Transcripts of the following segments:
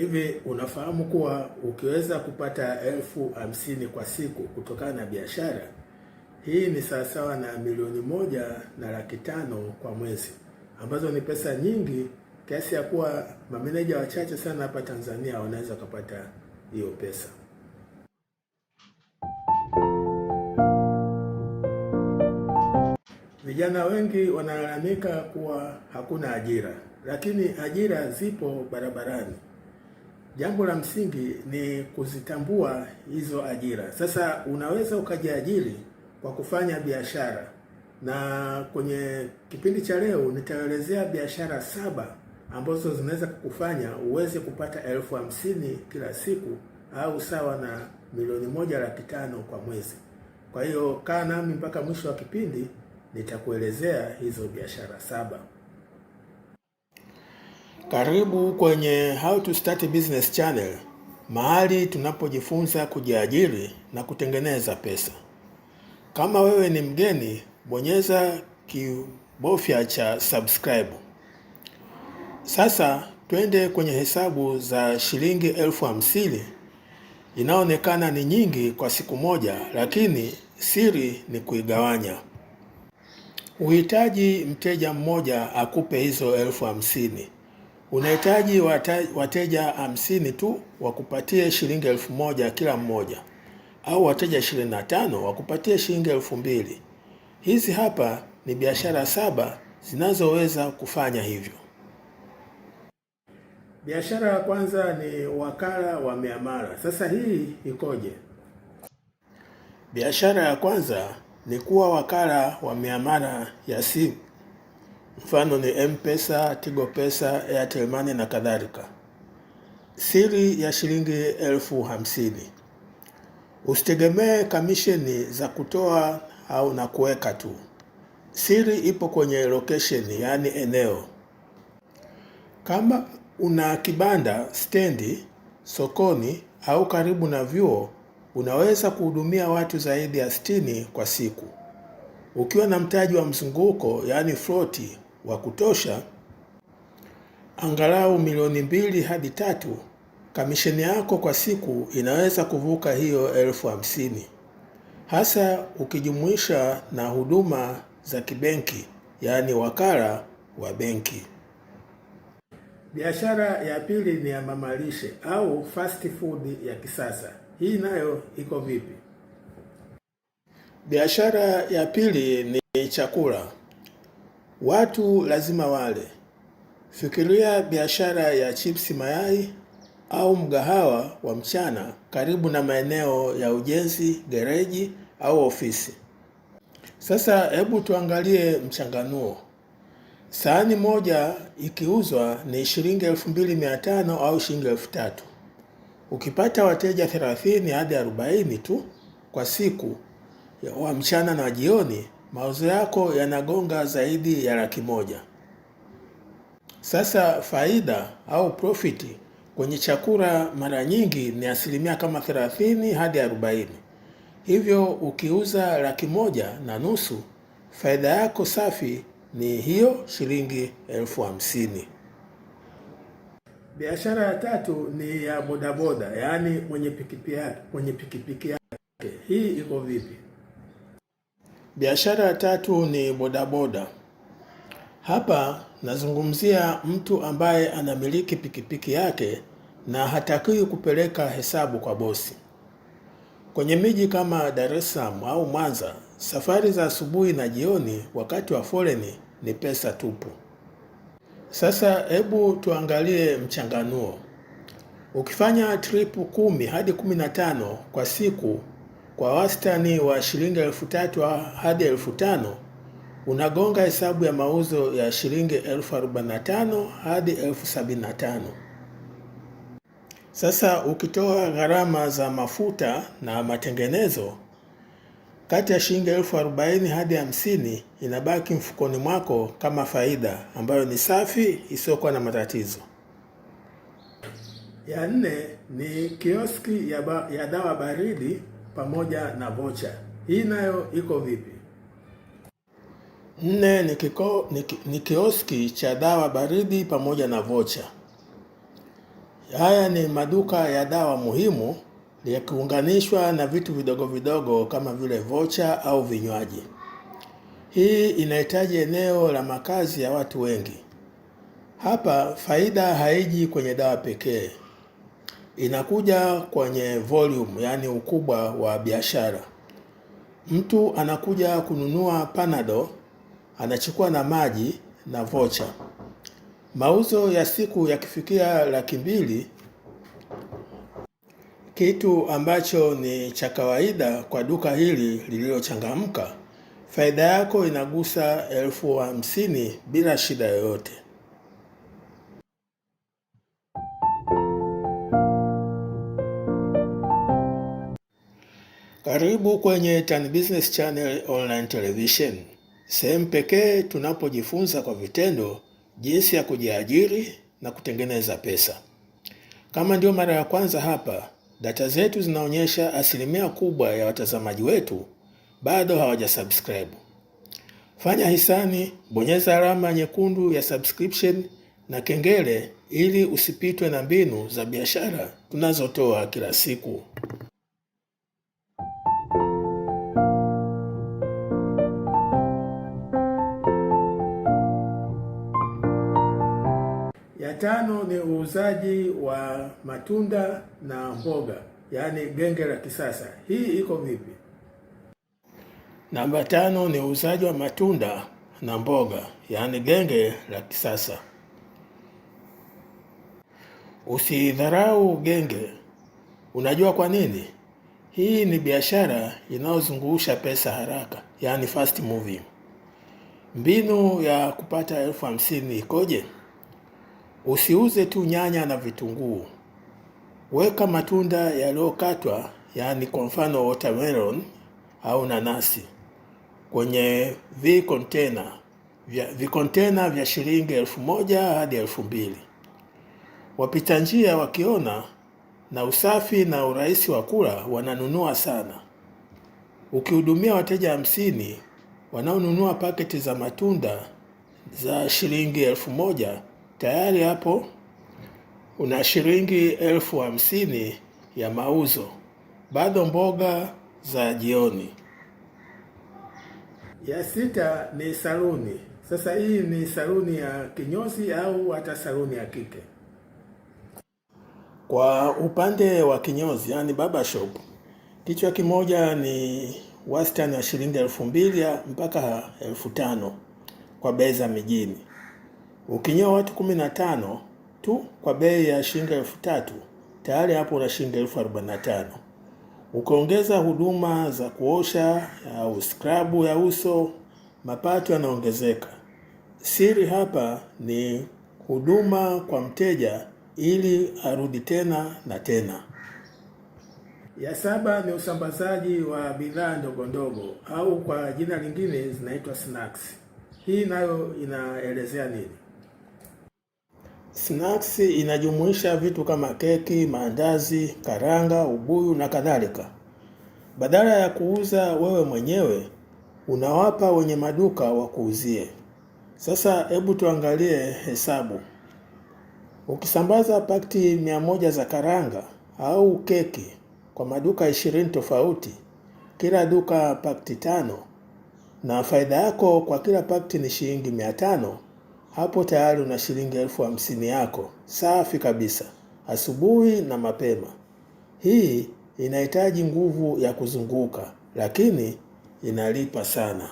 Hivi unafahamu kuwa ukiweza kupata elfu hamsini kwa siku kutokana na biashara hii ni sawasawa na milioni moja na laki tano kwa mwezi, ambazo ni pesa nyingi kiasi ya kuwa mameneja wachache sana hapa Tanzania wanaweza kupata hiyo pesa. Vijana wengi wanalalamika kuwa hakuna ajira, lakini ajira zipo barabarani jambo la msingi ni kuzitambua hizo ajira. Sasa unaweza ukajiajiri kwa kufanya biashara, na kwenye kipindi cha leo nitaelezea biashara saba ambazo zinaweza kukufanya uweze kupata elfu hamsini kila siku au sawa na milioni moja laki tano kwa mwezi. Kwa hiyo kaa nami mpaka mwisho wa kipindi, nitakuelezea hizo biashara saba. Karibu kwenye How to Start a Business Channel, mahali tunapojifunza kujiajiri na kutengeneza pesa. Kama wewe ni mgeni, bonyeza kibofya cha subscribe. Sasa twende kwenye hesabu za shilingi elfu hamsini. Inaonekana ni nyingi kwa siku moja, lakini siri ni kuigawanya. Uhitaji mteja mmoja akupe hizo elfu hamsini. Unahitaji wateja hamsini tu wakupatie shilingi elfu moja kila mmoja, au wateja ishirini na tano wakupatie shilingi elfu mbili. Hizi hapa ni biashara saba zinazoweza kufanya hivyo. Biashara ya kwanza ni wakala wa miamala. Sasa hii ikoje? Biashara ya kwanza ni kuwa wakala wa miamala ya simu mfano ni Mpesa, Tigo Pesa, Airtel Money na kadhalika. Siri ya shilingi elfu hamsini. Usitegemee kamisheni za kutoa au na kuweka tu. Siri ipo kwenye location, yaani eneo. Kama una kibanda stendi, sokoni au karibu na vyuo, unaweza kuhudumia watu zaidi ya 60 kwa siku. Ukiwa na mtaji wa mzunguko, yaani floti, wa kutosha angalau milioni mbili hadi tatu, kamisheni yako kwa siku inaweza kuvuka hiyo elfu hamsini, hasa ukijumuisha na huduma za kibenki, yaani wakala wa benki. Biashara ya pili ni ya mamalishe au fast food ya kisasa. Hii nayo iko vipi? Biashara ya pili ni chakula. Watu lazima wale. Fikiria biashara ya chipsi mayai au mgahawa wa mchana karibu na maeneo ya ujenzi, gereji au ofisi. Sasa hebu tuangalie mchanganuo. Sahani moja ikiuzwa ni shilingi elfu mbili mia tano au shilingi elfu tatu. Ukipata wateja 30 hadi 40 tu kwa siku wa mchana na jioni mauzo yako yanagonga zaidi ya laki moja. Sasa faida au profiti kwenye chakula mara nyingi ni asilimia kama 30 hadi 40. Hivyo ukiuza laki moja na nusu, faida yako safi ni hiyo shilingi elfu hamsini. Biashara ya tatu ni ya bodaboda, yaani mwenye pikipiki yake. Hii iko vipi? Biashara ya tatu ni bodaboda. Hapa nazungumzia mtu ambaye anamiliki pikipiki yake na hatakiwi kupeleka hesabu kwa bosi. Kwenye miji kama Dar es Salaam au Mwanza, safari za asubuhi na jioni wakati wa foleni ni pesa tupu. Sasa hebu tuangalie mchanganuo. Ukifanya tripu kumi hadi kumi na tano kwa siku kwa wastani wa shilingi elfu tatu hadi elfu tano unagonga hesabu ya mauzo ya shilingi elfu arobaini na tano hadi elfu sabini na tano. Sasa ukitoa gharama za mafuta na matengenezo kati ya shilingi elfu arobaini hadi hamsini inabaki mfukoni mwako kama faida ambayo ni safi isiyokuwa na matatizo. Ya nne ni kioski ya, ba, ya dawa baridi pamoja na vocha. Hii nayo iko vipi? Nne ni, kiko, ni, ni kioski cha dawa baridi pamoja na vocha. Haya ni maduka ya dawa muhimu yakiunganishwa na vitu vidogo vidogo kama vile vocha au vinywaji. Hii inahitaji eneo la makazi ya watu wengi. Hapa faida haiji kwenye dawa pekee, inakuja kwenye volume, yaani ukubwa wa biashara. Mtu anakuja kununua panado, anachukua na maji na vocha. Mauzo ya siku yakifikia laki mbili, kitu ambacho ni cha kawaida kwa duka hili lililochangamka, faida yako inagusa elfu hamsini bila shida yoyote. Karibu kwenye Tan Business Channel Online Television, sehemu pekee tunapojifunza kwa vitendo jinsi ya kujiajiri na kutengeneza pesa. Kama ndio mara ya kwanza hapa, data zetu zinaonyesha asilimia kubwa ya watazamaji wetu bado hawajasubscribe. Fanya hisani, bonyeza alama nyekundu ya subscription na kengele ili usipitwe na mbinu za biashara tunazotoa kila siku. tano ni uuzaji wa matunda na mboga, yaani genge la kisasa. Hii iko vipi? Namba tano ni uuzaji wa matunda na mboga, yaani genge la kisasa. Usidharau genge. Unajua kwa nini? Hii ni biashara inayozungusha pesa haraka, yaani fast moving. Mbinu ya kupata elfu hamsini ikoje? Usiuze tu nyanya na vitunguu, weka matunda yaliyokatwa, yaani kwa mfano watermelon au nanasi kwenye vikontena vya vikontena vya shilingi elfu moja hadi elfu mbili. Wapita njia wakiona na usafi na urahisi wa kula wananunua sana. Ukihudumia wateja hamsini wanaonunua paketi za matunda za shilingi elfu moja tayari hapo una shilingi elfu hamsini ya mauzo. Bado mboga za jioni. Ya sita ni saluni. Sasa hii ni saluni ya kinyozi au hata saluni ya kike. Kwa upande wa kinyozi, yani baba shop, kichwa kimoja ni wastani wa shilingi elfu mbili mpaka elfu tano kwa bei za mijini. Ukinyoa watu kumi na tano tu kwa bei ya shilingi elfu tatu tayari hapo una shilingi elfu arobaini na tano. Ukiongeza huduma za kuosha au skrabu ya uso, mapato yanaongezeka. Siri hapa ni huduma kwa mteja ili arudi tena na tena. Ya saba ni usambazaji wa bidhaa ndogo ndogo au kwa jina lingine zinaitwa snacks. Hii nayo inaelezea nini? Snacks inajumuisha vitu kama keki, maandazi, karanga, ubuyu na kadhalika. Badala ya kuuza wewe mwenyewe, unawapa wenye maduka wakuuzie. Sasa hebu tuangalie hesabu. Ukisambaza pakti mia moja za karanga au keki kwa maduka ishirini tofauti, kila duka pakti tano, na faida yako kwa kila pakti ni shilingi mia tano hapo tayari una shilingi elfu hamsini yako safi kabisa, asubuhi na mapema. Hii inahitaji nguvu ya kuzunguka, lakini inalipa sana.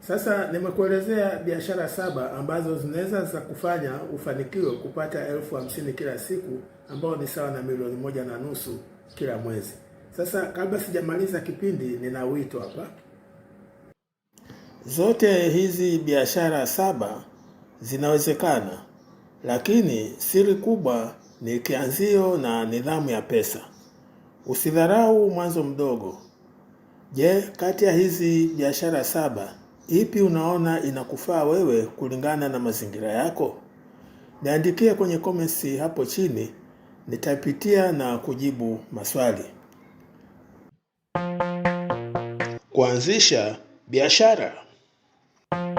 Sasa nimekuelezea biashara saba ambazo zinaweza za kufanya ufanikiwe kupata elfu hamsini kila siku, ambao ni sawa na milioni moja na nusu kila mwezi. Sasa kabla sijamaliza kipindi, nina wito hapa Zote hizi biashara saba zinawezekana, lakini siri kubwa ni kianzio na nidhamu ya pesa. Usidharau mwanzo mdogo. Je, kati ya hizi biashara saba ipi unaona inakufaa wewe kulingana na mazingira yako? Niandikie kwenye comments hapo chini, nitapitia na kujibu maswali. Kuanzisha biashara Bye.